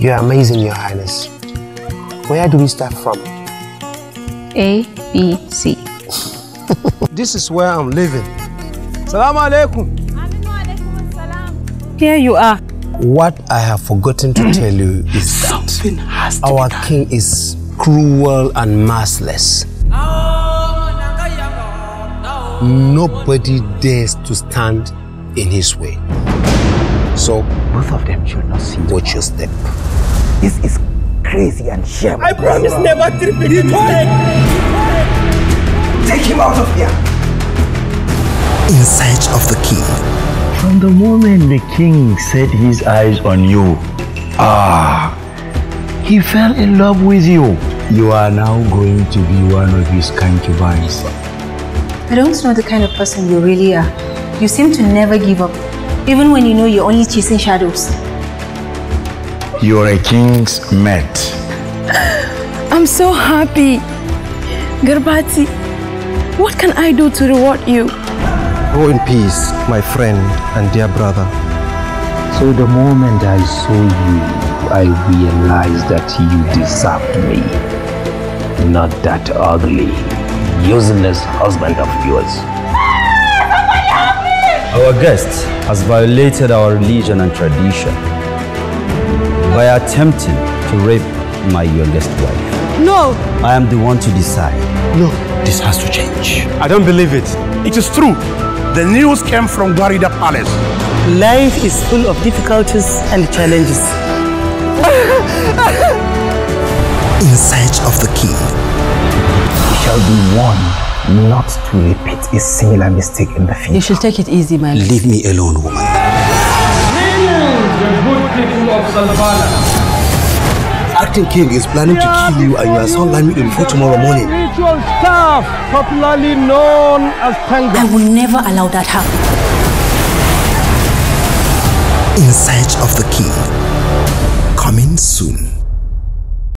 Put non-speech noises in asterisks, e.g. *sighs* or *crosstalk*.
You are amazing, Your Highness. Where do we start from? A, B, C. *laughs* this is where I'm living. Salaam alaikum. Here you are. What I have forgotten to tell you *clears throat* is that our king is cruel and merciless. Oh. Nobody dares to stand in his way. So, both of them should not see. Watch your step. This is crazy and shameful. I promise never to repeat it. Take him out of here. In search of the king. From the moment the king set his eyes on you, ah, he fell in love with you. You are now going to be one of his concubines. I don't know the kind of person you really are. You seem to never give up, even when you know you're only chasing shadows. You're a king's mate. *sighs* I'm so happy. Garbati, what can I do to reward you? Go in peace, my friend and dear brother. So the moment I saw you, I realized that you deserved me. Not that ugly useless husband of yours. Our guest has violated our religion and tradition by attempting to rape my youngest wife. No! I am the one to decide. No, this has to change. I don't believe it. It is true. The news came from Garida Palace. Life is full of difficulties and challenges. *laughs* In search of the key warned not to repeat a similar mistake in the future. You should take it easy, man. Leave me alone, woman. The good of Acting king is planning to kill you and you are sound landing before tomorrow morning. staff, popularly known as Tanga. I will never allow that happen. In Search of the King. Coming soon.